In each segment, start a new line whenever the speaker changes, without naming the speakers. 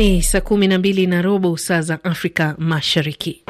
Ni saa kumi na mbili na robo saa za Afrika Mashariki.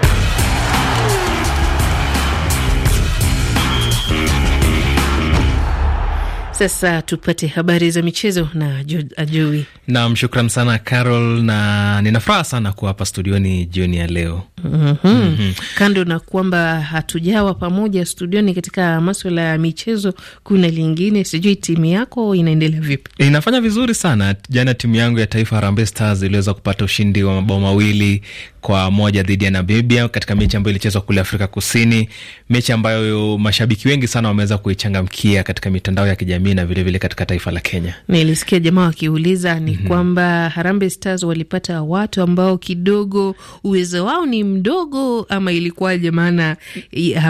Sasa tupate habari za michezo na Ajui. Uh,
Naam, shukran sana Carol, na nina furaha sana kuwa hapa studioni jioni ya leo. mm -hmm. Mm -hmm.
Kando na kwamba hatujawa pamoja studioni katika maswala ya michezo, kuna lingine, sijui timu yako inaendelea vipi?
Inafanya vizuri sana. Jana timu yangu ya taifa Harambee Stars iliweza kupata ushindi wa mabao mawili kwa moja dhidi ya Namibia katika mechi ambayo ilichezwa kule Afrika Kusini, mechi ambayo mashabiki wengi sana wameweza kuichangamkia katika mitandao ya kijamii kijamii na vilevile katika taifa la Kenya.
Nilisikia jamaa wakiuliza ni mm -hmm. kwamba Harambee Stars walipata watu ambao kidogo uwezo wao ni mdogo ama ilikuwaje? Maana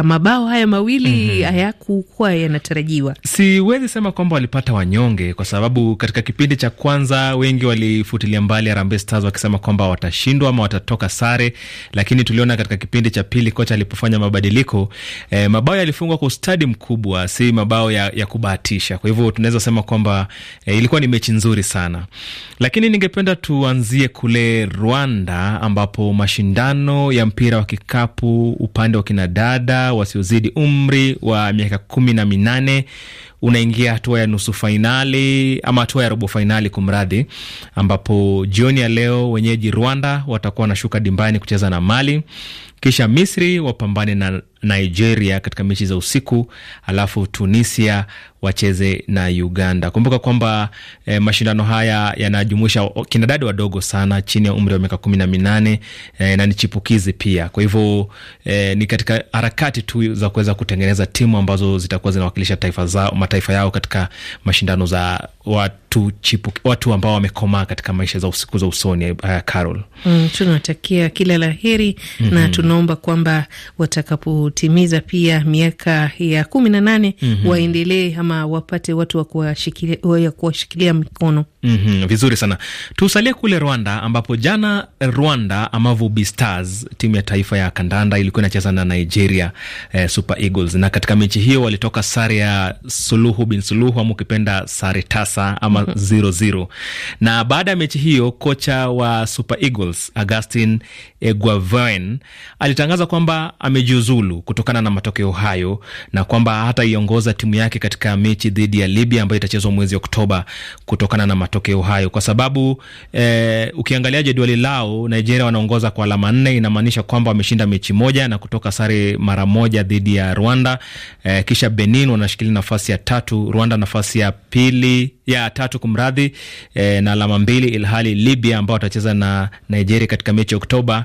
mabao haya mawili mm -hmm. hayakukuwa yanatarajiwa. Siwezi
sema kwamba walipata wanyonge, kwa sababu katika kipindi cha kwanza wengi walifutilia mbali Harambee Stars wakisema kwamba watashindwa ama watatoka sare, lakini tuliona katika kipindi cha pili kocha alipofanya mabadiliko eh, mabao yalifungwa kwa ustadi mkubwa, si mabao ya, ya kubahatisha. Kwa hivyo tunaweza sema kwamba eh, ilikuwa ni mechi nzuri sana, lakini ningependa tuanzie kule Rwanda ambapo mashindano ya mpira wa kikapu upande wa kinadada wasiozidi umri wa miaka kumi na minane unaingia hatua ya nusu fainali ama hatua ya robo fainali kumradhi, ambapo jioni ya leo wenyeji Rwanda watakuwa wanashuka dimbani kucheza na Mali kisha Misri wapambane na Nigeria katika mechi za usiku, alafu Tunisia wacheze na Uganda. Kumbuka kwamba eh, mashindano haya yanajumuisha kinadadi wadogo sana chini ya umri wa miaka kumi na minane eh, na ni chipukizi pia. Kwa hivyo eh, ni katika harakati tu za kuweza kutengeneza timu ambazo zitakuwa zinawakilisha taifa zao, mataifa yao katika mashindano za wa watu chipu, watu ambao wamekomaa katika maisha za usiku za usoni. Uh, Carol,
mm, tunawatakia kila la heri mm -hmm. na mhm. tunaomba kwamba watakapotimiza pia miaka ya kumi na nane mm -hmm. waendelee ama wapate watu wa kuwashikilia mikono
mm -hmm. Vizuri sana, tusalie kule Rwanda ambapo jana Rwanda Amavubi Stars timu ya taifa ya kandanda ilikuwa inacheza na Nigeria eh, Super Eagles na katika mechi hiyo walitoka sare ya suluhu bin suluhu ama ukipenda sare tasa ama kama 0 Na baada ya mechi hiyo kocha wa Super Eagles Augustin Eguavoen alitangaza kwamba amejiuzulu kutokana na matokeo hayo na kwamba hataiongoza timu yake katika mechi dhidi ya Libya ambayo itachezwa mwezi Oktoba kutokana na matokeo hayo, kwa sababu eh, ukiangalia jedwali lao Nigeria wanaongoza kwa alama nne, inamaanisha kwamba wameshinda mechi moja na kutoka sare mara moja dhidi ya Rwanda. Eh, kisha Benin wanashikilia nafasi ya tatu, Rwanda nafasi ya pili ya tatu tatu kumradhi, e, na alama mbili, ilhali Libya ambao watacheza na Nigeria katika mechi ya Oktoba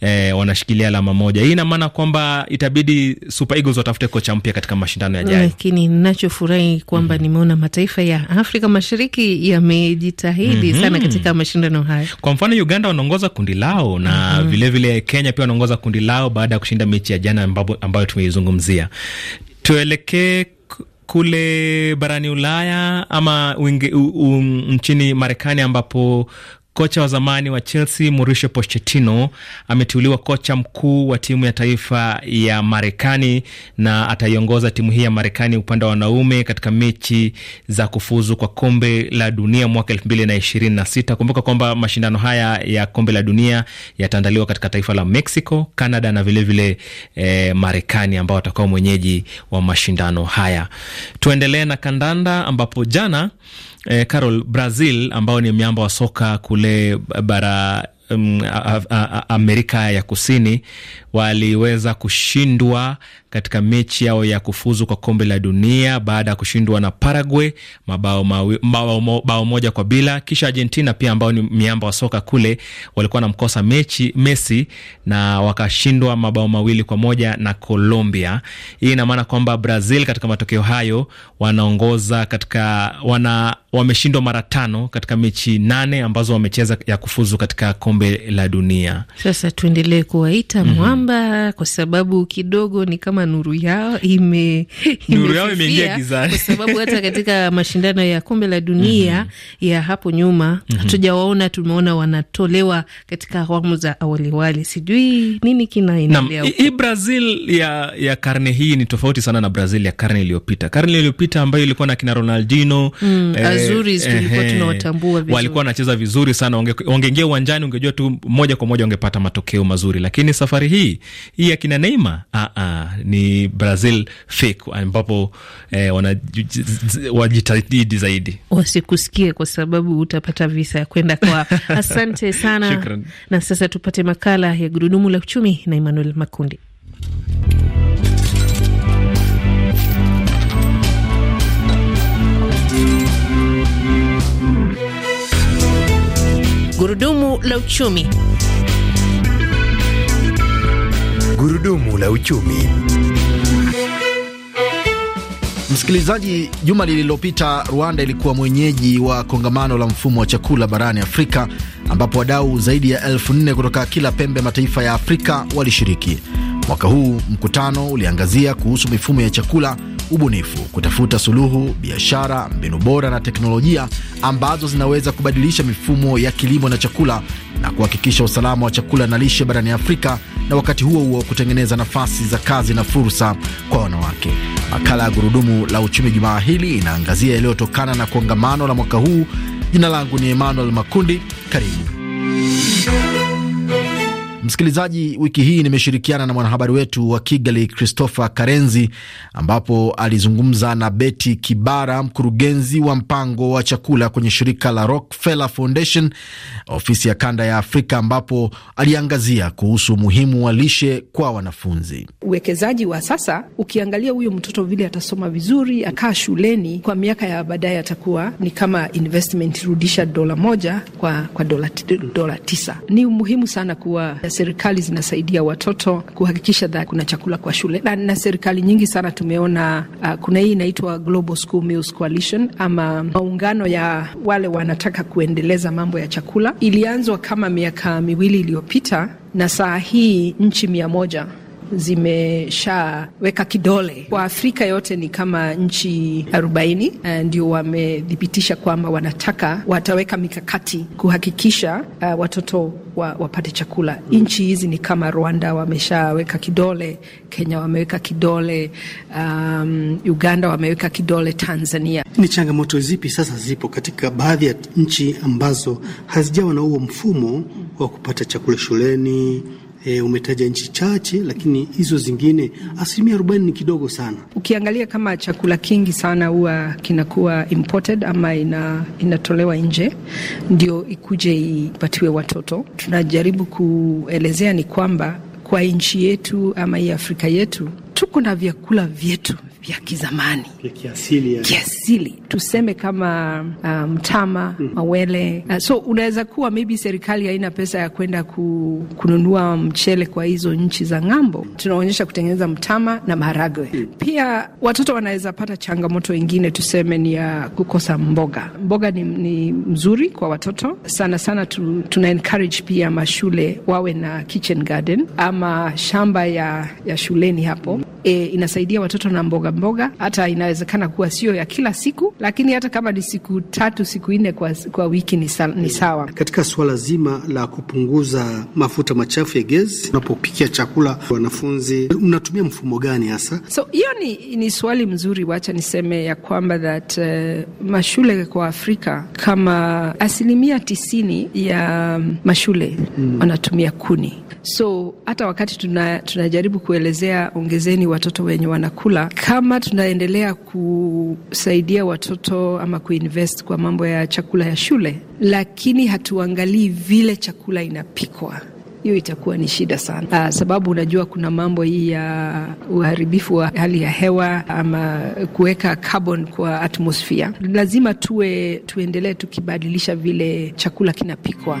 e, wanashikilia alama moja. Hii ina maana kwamba itabidi Super Eagles watafute kocha mpya katika mashindano yajayo,
lakini ninachofurahi kwamba mm -hmm. nimeona mataifa ya Afrika Mashariki yamejitahidi mm -hmm. sana katika mashindano haya.
Kwa mfano Uganda wanaongoza kundi lao na vilevile mhm. mm -hmm. vile Kenya pia wanaongoza kundi lao baada ya kushinda mechi ya jana ambayo tumeizungumzia. Tuelekee kule barani Ulaya ama nchini Marekani ambapo Kocha wa zamani wa Chelsea Mauricio Pochettino ameteuliwa kocha mkuu wa timu ya taifa ya Marekani na ataiongoza timu hii ya Marekani upande wa wanaume katika mechi za kufuzu kwa kombe la dunia mwaka elfu mbili na ishirini na sita. Kumbuka kwamba mashindano haya ya kombe la dunia yataandaliwa katika taifa la Mexico, Canada na vilevile vile, eh, Marekani ambao watakuwa mwenyeji wa mashindano haya. Tuendelee na kandanda ambapo jana eh, Carol, Brazil ambao ni miamba wa soka kule bara um, a, a, a, Amerika ya Kusini waliweza kushindwa katika mechi yao ya kufuzu kwa kombe la dunia baada ya kushindwa na Paraguay mabao bao moja kwa bila. Kisha Argentina pia ambao ni miamba wa soka kule walikuwa namkosa mechi Messi na wakashindwa mabao mawili kwa moja na Colombia. Hii ina maana kwamba Brazil katika matokeo hayo wanaongoza katika wana wameshindwa mara tano katika mechi nane ambazo wamecheza ya kufuzu katika kombe la dunia.
Sasa tuendelee kuwaita mhm. mwamba mm -hmm. kwa sababu kidogo ni kama kama nuru yao ime,
nuru yao imeingia gizani kwa
sababu hata katika mashindano ya kombe la dunia mm -hmm. ya hapo nyuma mhm. hatujawaona mm -hmm. tumeona wanatolewa katika awamu za awaliwali, sijui nini kinaendelea. Hii
Brazil ya, ya karne hii ni tofauti sana na Brazil ya karne iliyopita, karne iliyopita ambayo ilikuwa na kina Ronaldinho mm, eh, azuri eh, tunawatambua vizuri, walikuwa wanacheza vizuri sana, wangeingia uwanjani, ungejua tu moja kwa moja wangepata matokeo mazuri, lakini safari hii hii ya kina Neymar a ah, a ah, ni Brazil fake ambapo eh, wajitahidi zaidi
wasikusikie, kwa sababu utapata visa ya kwenda kwa. Asante sana Na sasa tupate makala ya gurudumu la uchumi na Emmanuel Makundi. Gurudumu la uchumi.
Gurudumu la uchumi. Msikilizaji, juma lililopita Rwanda ilikuwa mwenyeji wa kongamano la mfumo wa chakula barani Afrika ambapo wadau zaidi ya elfu nne kutoka kila pembe mataifa ya Afrika walishiriki. Mwaka huu mkutano uliangazia kuhusu mifumo ya chakula, ubunifu, kutafuta suluhu, biashara, mbinu bora na teknolojia ambazo zinaweza kubadilisha mifumo ya kilimo na chakula na kuhakikisha usalama wa chakula na lishe barani Afrika na wakati huo huo kutengeneza nafasi za kazi na fursa kwa wanawake. Makala ya Gurudumu la Uchumi jumaa hili inaangazia yaliyotokana na kongamano la mwaka huu. Jina langu ni Emmanuel Makundi, karibu. Msikilizaji, wiki hii nimeshirikiana na mwanahabari wetu wa Kigali Christopher Karenzi, ambapo alizungumza na Betty Kibara, mkurugenzi wa mpango wa chakula kwenye shirika la Rockefeller Foundation, ofisi ya kanda ya Afrika, ambapo aliangazia kuhusu umuhimu wa lishe kwa wanafunzi.
Uwekezaji wa sasa, ukiangalia huyo mtoto vile atasoma vizuri, akaa shuleni kwa miaka ya baadaye, atakuwa ni kama investment, rudisha dola moja kwa, kwa dola, dola tisa. Ni umuhimu sana kuwa serikali zinasaidia watoto kuhakikisha dha kuna chakula kwa shule na, na serikali nyingi sana tumeona uh, kuna hii inaitwa Global School Meals Coalition ama maungano ya wale wanataka kuendeleza mambo ya chakula, ilianzwa kama miaka miwili iliyopita na saa hii nchi mia moja zimeshaweka kidole kwa Afrika yote, ni kama nchi arobaini eh, ndio wamethibitisha kwamba wanataka wataweka mikakati kuhakikisha uh, watoto wa, wapate chakula. Nchi hizi ni kama Rwanda wameshaweka kidole, Kenya wameweka kidole, um, Uganda wameweka kidole, Tanzania.
Ni changamoto zipi sasa zipo katika baadhi ya nchi ambazo hazijawa na huo mfumo wa kupata chakula shuleni E, umetaja nchi chache lakini hizo zingine asilimia arobaini ni kidogo sana.
Ukiangalia kama chakula kingi sana huwa kinakuwa imported ama ina, inatolewa nje ndio ikuje ipatiwe watoto. Tunajaribu kuelezea ni kwamba kwa nchi yetu ama hii Afrika yetu tuko na vyakula vyetu vya kizamani
kiasili, yani.
Kiasili tuseme kama uh, mtama mm mawele uh, so unaweza kuwa maybe serikali haina pesa ya kwenda ku, kununua mchele kwa hizo nchi za ng'ambo, tunaonyesha kutengeneza mtama na maharagwe mm Pia watoto wanaweza pata changamoto ingine, tuseme ni ya kukosa mboga. Mboga ni, ni mzuri kwa watoto sana sana tu, tuna encourage pia mashule wawe na kitchen garden ama shamba ya, ya shuleni hapo mm e, inasaidia watoto na mboga mboga, hata inawezekana kuwa sio ya kila siku, lakini hata kama ni siku tatu siku nne kwa, kwa wiki ni, sa, ni sawa.
Katika suala zima la kupunguza mafuta machafu ya gesi unapopikia chakula, wanafunzi mnatumia mfumo gani hasa?
So hiyo ni, ni swali mzuri. Wacha niseme ya kwamba that uh, mashule kwa Afrika kama asilimia tisini ya mashule mm. wanatumia kuni, so hata wakati tuna, tunajaribu kuelezea ongezeni watoto wenye wanakula. Kama tunaendelea kusaidia watoto ama kuinvest kwa mambo ya chakula ya shule, lakini hatuangalii vile chakula inapikwa hiyo itakuwa ni shida sana. Aa, ah, sababu unajua kuna mambo hii ya uharibifu wa hali ya hewa ama kuweka carbon kwa atmosphere. Lazima tuwe tuendelee tukibadilisha vile chakula kinapikwa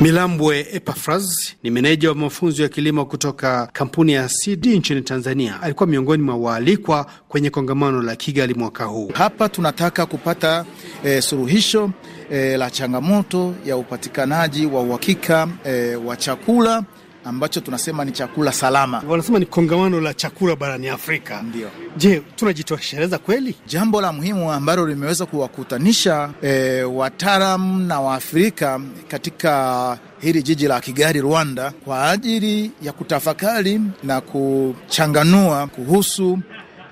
Milambwe Epafras ni meneja wa mafunzo ya kilimo kutoka kampuni ya CD nchini Tanzania. Alikuwa miongoni mwa waalikwa kwenye kongamano la Kigali mwaka huu. Hapa tunataka kupata e, suluhisho e, la changamoto
ya upatikanaji wa uhakika e, wa chakula ambacho tunasema ni chakula salama.
Wanasema ni kongamano la chakula barani Afrika. Ndio.
Je, tunajitosheleza kweli? Jambo la muhimu ambalo limeweza kuwakutanisha e, wataalamu na Waafrika katika hili jiji la Kigali, Rwanda, kwa ajili ya kutafakari na kuchanganua kuhusu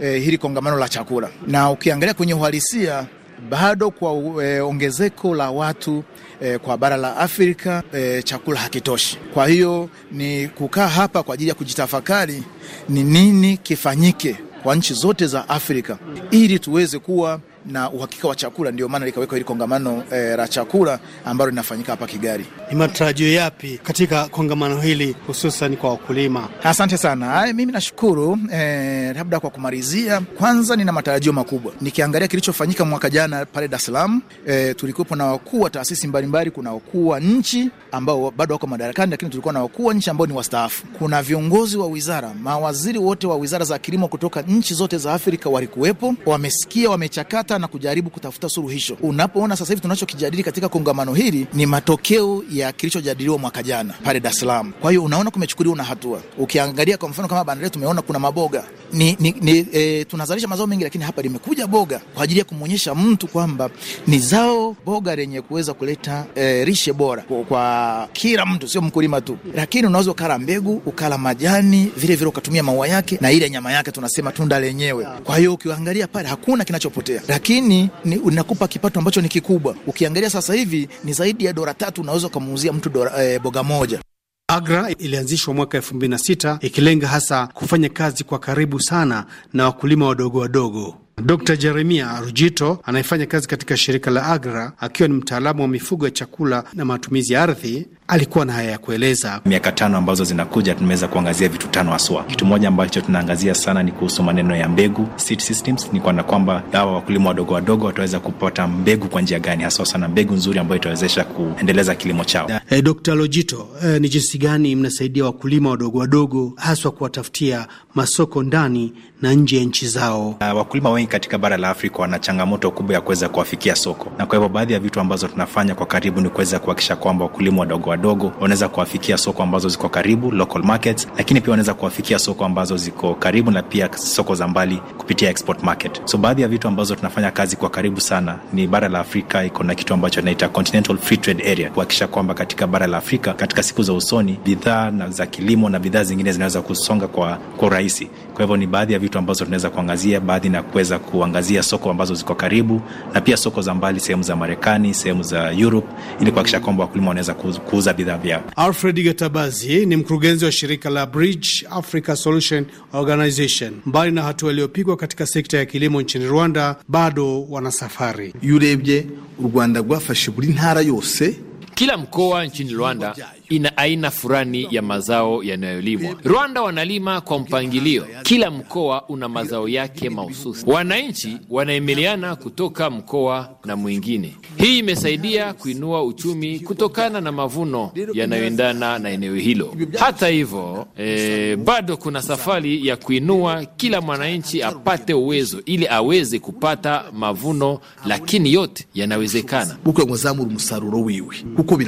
e, hili kongamano la chakula, na ukiangalia kwenye uhalisia bado kwa e, ongezeko la watu e, kwa bara la Afrika e, chakula hakitoshi. Kwa hiyo ni kukaa hapa kwa ajili ya kujitafakari ni nini kifanyike kwa nchi zote za Afrika ili tuweze kuwa na uhakika wa chakula. Ndio maana likawekwa hili kongamano la chakula ambalo
linafanyika hapa Kigali ni matarajio yapi katika kongamano hili hususan kwa wakulima? Asante sana. Ay, mimi
nashukuru eh, labda kwa kumalizia, kwanza nina matarajio makubwa nikiangalia kilichofanyika mwaka jana pale Dar es Salaam. Eh, tulikuwepo na wakuu wa taasisi mbalimbali, kuna wakuu wa nchi ambao bado wako madarakani, lakini tulikuwa na wakuu wa nchi ambao ni wastaafu. Kuna viongozi wa wizara, mawaziri wote wa wizara za kilimo kutoka nchi zote za Afrika walikuwepo, wamesikia, wamechakata na kujaribu kutafuta suluhisho. Unapoona sasa hivi tunachokijadili katika kongamano hili ni matokeo ya ya kilichojadiliwa mwaka jana pale Dar es Salaam. Kwa hiyo unaona kumechukuliwa na hatua. Ukiangalia kwa mfano kama bandari, tumeona kuna maboga ni, ni, ni, e, tunazalisha mazao mengi, lakini hapa limekuja boga kwa ajili ya kumwonyesha mtu kwamba ni zao boga lenye kuweza kuleta e, lishe bora kwa, kwa kila mtu, sio mkulima tu, lakini unaweza ukala mbegu ukala majani vile vile ukatumia maua yake na ile nyama yake, tunasema tunda lenyewe. Kwa hiyo ukiangalia pale hakuna kinachopotea, lakini ni, unakupa kipato ambacho ni kikubwa. Ukiangalia sasa hivi ni zaidi ya dola tatu unaweza akamuuzia mtu dola, e, boga moja.
AGRA ilianzishwa mwaka elfu mbili na sita ikilenga hasa kufanya kazi kwa karibu sana na wakulima wadogo wadogo. Dr Jeremia Rujito anayefanya kazi katika shirika la AGRA akiwa ni mtaalamu wa mifugo ya chakula na matumizi ya ardhi, alikuwa na haya ya
kueleza. Miaka tano ambazo zinakuja, tumeweza kuangazia vitu tano haswa. Kitu moja ambacho tunaangazia sana ni kuhusu maneno ya mbegu seed systems, ni kwana kwamba hawa wakulima wadogo wadogo wataweza kupata mbegu kwa njia gani, haswa sana mbegu nzuri ambayo itawezesha kuendeleza kilimo chao. E,
eh, Dr. Lojito, e, ni jinsi gani mnasaidia wakulima wadogo wadogo haswa kuwatafutia masoko ndani na nje ya nchi zao? Uh, wakulima wengi katika bara
la Afrika wana changamoto kubwa ya kuweza kuwafikia soko, na kwa hivyo baadhi ya vitu ambazo tunafanya kwa karibu ni kuweza kuhakikisha kwamba wakulima wadogo wadogo wanaweza kuwafikia soko ambazo ziko karibu local markets, lakini pia wanaweza kuwafikia soko ambazo ziko karibu na pia soko za mbali kupitia export market. So baadhi ya vitu ambazo tunafanya kazi kwa karibu sana ni bara la Afrika iko na kitu ambacho inaita Continental Free Trade Area, kuhakikisha kwamba katika bara la Afrika katika siku za usoni bidhaa za kilimo na bidhaa zingine zinaweza kusonga kwa urahisi. Kwa hivyo ni baadhi ya vitu ambazo tunaweza kuangazia, baadhi na kuweza kuangazia soko ambazo ziko karibu na pia soko za mbali, sehemu za Marekani, sehemu za Europe, ili kuhakikisha kwamba wakulima wanaweza kuuza kuuza bidhaa vyao.
Alfred Gatabazi ni mkurugenzi wa shirika la Bridge Africa Solution Organization. Mbali na hatua iliyopigwa katika sekta ya kilimo nchini Rwanda, bado wana safari. yurebye u Rwanda rwafashe buri ntara yose,
kila mkoa nchini Rwanda ina aina fulani ya mazao yanayolimwa. Rwanda wanalima kwa mpangilio, kila mkoa una mazao yake mahususi. Wananchi wanaemeleana kutoka mkoa na mwingine. Hii imesaidia kuinua uchumi kutokana na mavuno yanayoendana na eneo hilo. Hata hivyo, e, bado kuna safari ya kuinua, kila mwananchi apate uwezo ili aweze kupata mavuno, lakini yote yanawezekana.
wiwe
kuko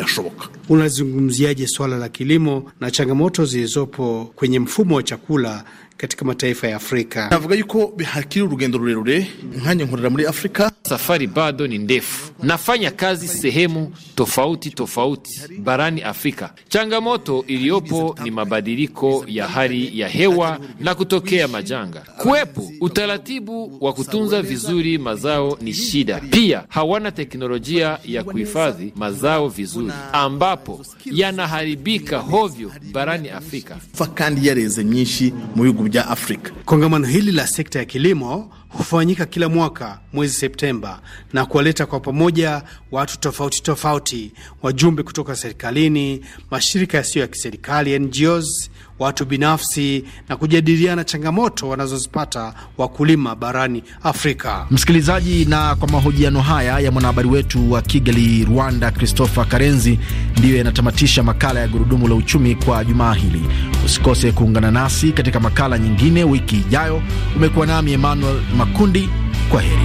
Unazungumzia kushughulikiaje swala la kilimo na changamoto zilizopo kwenye mfumo wa chakula katika mataifa ya Afrika navuga yuko bihakiri urugendo rurerure
nkanye nkorera muri Afrika safari bado ni ndefu. Nafanya kazi sehemu tofauti tofauti barani Afrika. Changamoto iliyopo ni mabadiliko ya hali ya hewa na kutokea majanga. Kuwepo utaratibu wa kutunza vizuri mazao ni shida. Pia hawana teknolojia ya kuhifadhi mazao vizuri, ambapo yanaharibika hovyo barani Afrika.
Kongamano hili la sekta ya kilimo hufanyika kila mwaka mwezi Septemba na kuwaleta kwa pamoja watu tofauti tofauti, wajumbe kutoka serikalini, mashirika yasiyo ya kiserikali NGOs, watu binafsi na kujadiliana changamoto wanazozipata wakulima barani Afrika.
Msikilizaji, na kwa mahojiano haya ya mwanahabari wetu wa Kigali, Rwanda, Christopher Karenzi, ndiyo yanatamatisha makala ya Gurudumu la Uchumi kwa jumaa hili. Usikose kuungana nasi katika makala nyingine wiki ijayo. Umekuwa nami Emmanuel Makundi, kwa heri.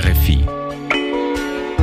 RFI